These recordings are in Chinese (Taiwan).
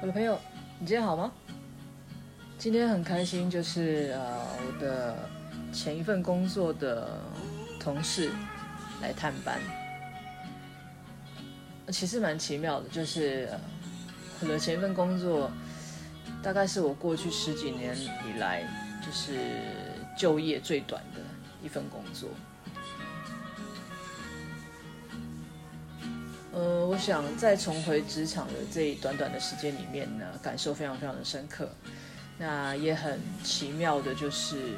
我的朋友，你今天好嗎？今天很開心，就是呃，我的前一份工作的同事來探班。呃，其實蠻奇妙的，就是，呃，我的前一份工作，大概是我過去十幾年以來，就是就業最短的一份工作。呃，我想在重回職場的這一短短的時間裡面呢，感受非常非常的深刻。那也很奇妙的，就是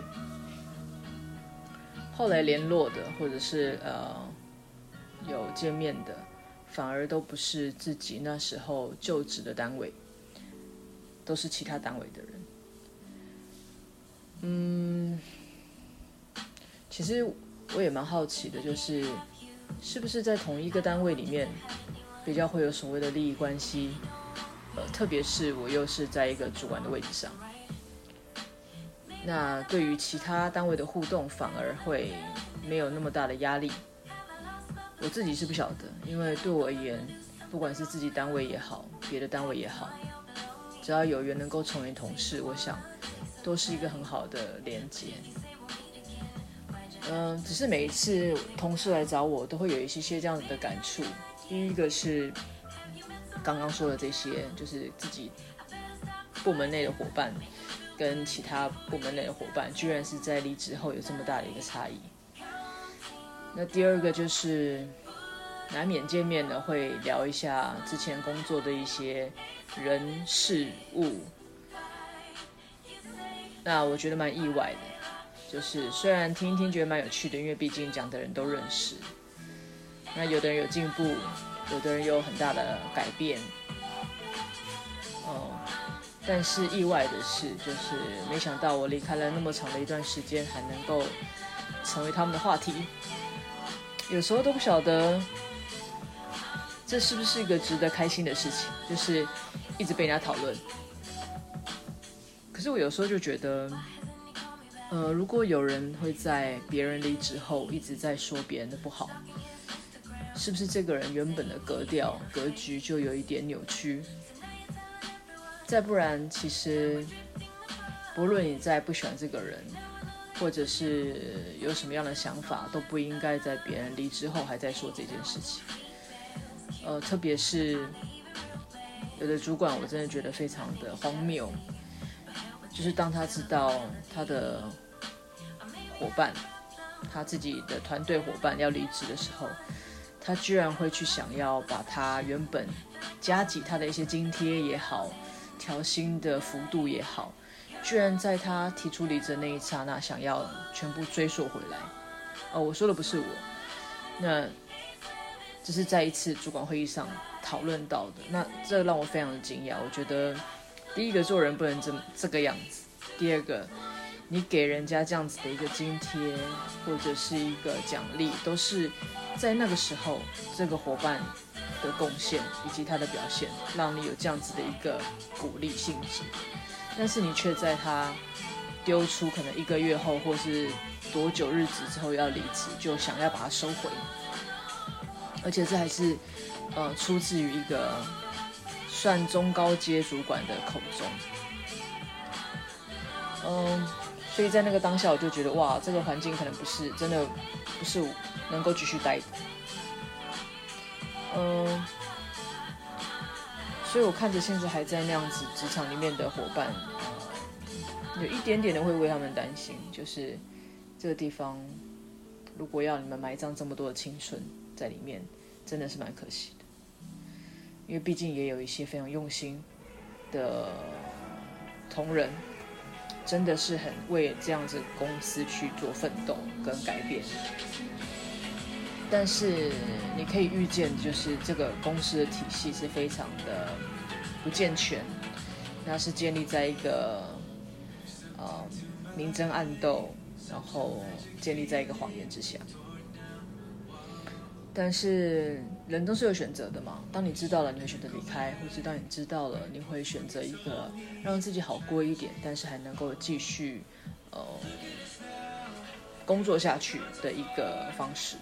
後來聯絡的或者是呃有見面的，反而都不是自己那時候就職的單位，都是其他單位的人。嗯，其實我也蠻好奇的，就是。是不是在同一個單位裡面，比較會有所謂的利益關係？呃，特別是我又是在一個主管的位置上，那對於其他單位的互動反而會沒有那麼大的壓力。我自己是不曉得，因為對我而言，不管是自己單位也好，別的單位也好，只要有緣能夠成為同事，我想都是一個很好的連接。嗯、呃，只是每一次同事來找我，都會有一些些這樣子的感觸。第一個是剛剛說的這些，就是自己部門內的夥伴跟其他部門內的夥伴，居然是在離職後有這麼大的一個差異。那第二個就是難免見面的，會聊一下之前工作的一些人事物，那我覺得蠻意外的。就是雖然聽一聽覺得蠻有趣的，因為畢竟講的人都認識。那有的人有進步，有的人有很大的改變。哦，但是意外的是，就是沒想到我離開了那麼長的一段時間，還能夠成為他們的話題。有時候都不曉得這是不是一個值得開心的事情，就是一直被人家討論。可是我有時候就覺得。呃，如果有人會在別人離職後一直在說別人的不好，是不是這個人原本的格調格局就有一點扭曲？再不然，其實不論你再不喜歡這個人，或者是有什麼樣的想法，都不應該在別人離職後還在說這件事情。呃，特別是有的主管，我真的覺得非常的荒謬。就是當他知道他的夥伴，他自己的團隊夥伴要離職的時候，他居然會去想要把他原本加給他的一些津貼也好，調薪的幅度也好，居然在他提出離職的那一剎那想要全部追溯回來。哦，我說的不是我，那只是在一次主管會議上討論到的。那這個、讓我非常的驚訝，我覺得。第一個做人不能這這個樣子，第二個，你給人家這樣子的一個津貼或者是一個獎勵，都是在那個時候這個伙伴的貢獻以及他的表現，讓你有這樣子的一個鼓勵性質，但是你却在他丟出可能一個月後或是多久日子之後要離職，就想要把它收回，而且這還是呃出自於一個。算中高階主管的口中，嗯，所以在那個當下，我就覺得哇，這個環境可能不是真的，不是我能夠繼續待的，嗯，所以我看着現在還在那樣子職場裡面的伙伴，有一點點的會為他們擔心，就是這個地方如果要你們埋葬這麼多的青春在裡面，真的是蠻可惜。因為畢竟也有一些非常用心的同仁，真的是很為這樣子公司去做奮鬥跟改變。但是你可以預見，就是這個公司的體系是非常的不健全，那是建立在一個啊、呃、明爭暗鬥，然後建立在一個謊言之下。但是人都是有選擇的嘛。當你知道了，你會選擇離開，或者當你知道了，你會選擇一個讓自己好過一點，但是還能夠繼續，呃，工作下去的一個方式。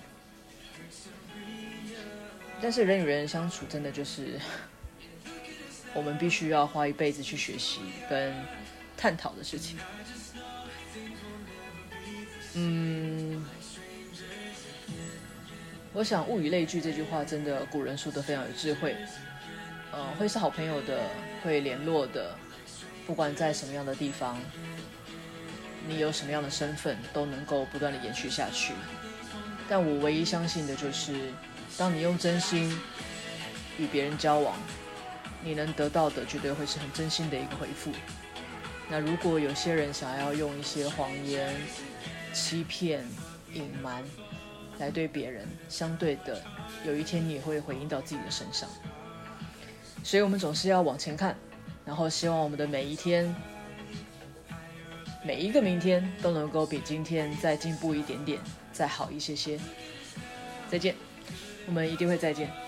但是人與人相處，真的就是我們必須要花一輩子去學習跟探討的事情。嗯。我想“物以類聚”這句話真的古人說得非常有智慧，呃，會是好朋友的，會聯絡的，不管在什麼樣的地方，你有什麼樣的身份，都能夠不斷的延續下去。但我唯一相信的就是，當你用真心與別人交往，你能得到的絕對會是很真心的一個回復。那如果有些人想要用一些謊言、欺騙、隱瞞，來對別人，相對的，有一天你也會回應到自己的身上。所以，我們總是要往前看，然後希望我們的每一天、每一個明天都能夠比今天再進步一點點，再好一些些。再見，我們一定會再見。